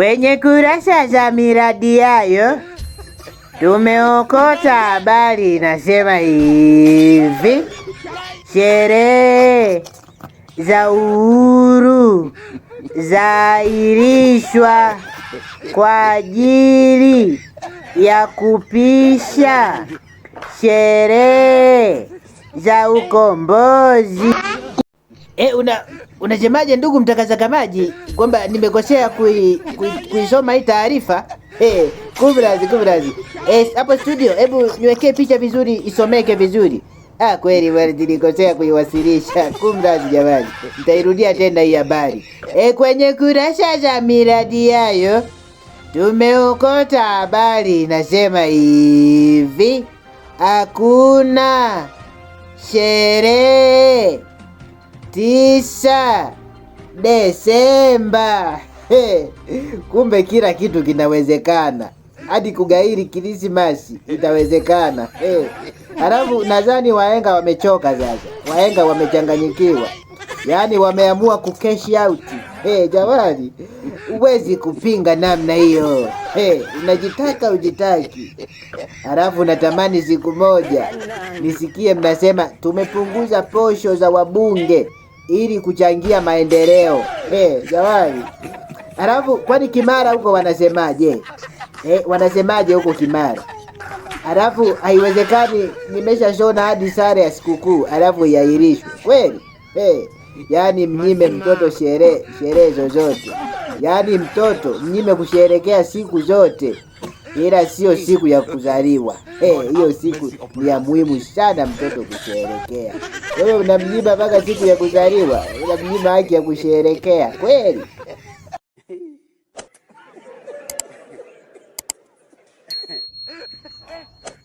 wenye kurasa za miradi yayo tumeokota habari inasema hivi: sherehe za uhuru zaahirishwa kwa ajili ya kupisha sherehe za ukombozi. E, unasemaje una ndugu mtakazakamaji kwamba nimekosea kuisoma kui, kui hii taarifa e, kumrazi kumrazi eh, hapo e, studio, hebu niwekee picha vizuri isomeke vizuri. Ah, kweli bwana, nilikosea kuiwasilisha. Kumrazi jamani, nitairudia tena hii habari e, kwenye kurasa za miradi yayo tumeokota habari inasema hivi hakuna sherehe tisa Desemba. kumbe kila kitu kinawezekana, hadi kugairi Krismasi itawezekana. halafu nadhani wahenga wamechoka sasa, wahenga wamechanganyikiwa, yaani wameamua kucash out. Hey, jamani, huwezi kupinga namna hiyo. Hey, unajitaka ujitaki. Halafu natamani siku moja nisikie mnasema tumepunguza posho za wabunge ili kuchangia maendeleo eh, jamani. Alafu kwani Kimara huko wanasemaje? Eh, wanasemaje huko Kimara? Alafu haiwezekani, nimeshashona hadi sare ya sikukuu alafu iahirishwe kweli eh? Yaani mnyime mtoto sherehe sherehe zozote, yaani mtoto mnyime kusherekea siku zote ila siyo siku ya kuzaliwa. Hiyo hey, ah, siku ni ya muhimu sana mtoto kusherekea. Wewe unamnyima mpaka siku ya kuzaliwa, unamnyima haki ya kusherekea kweli?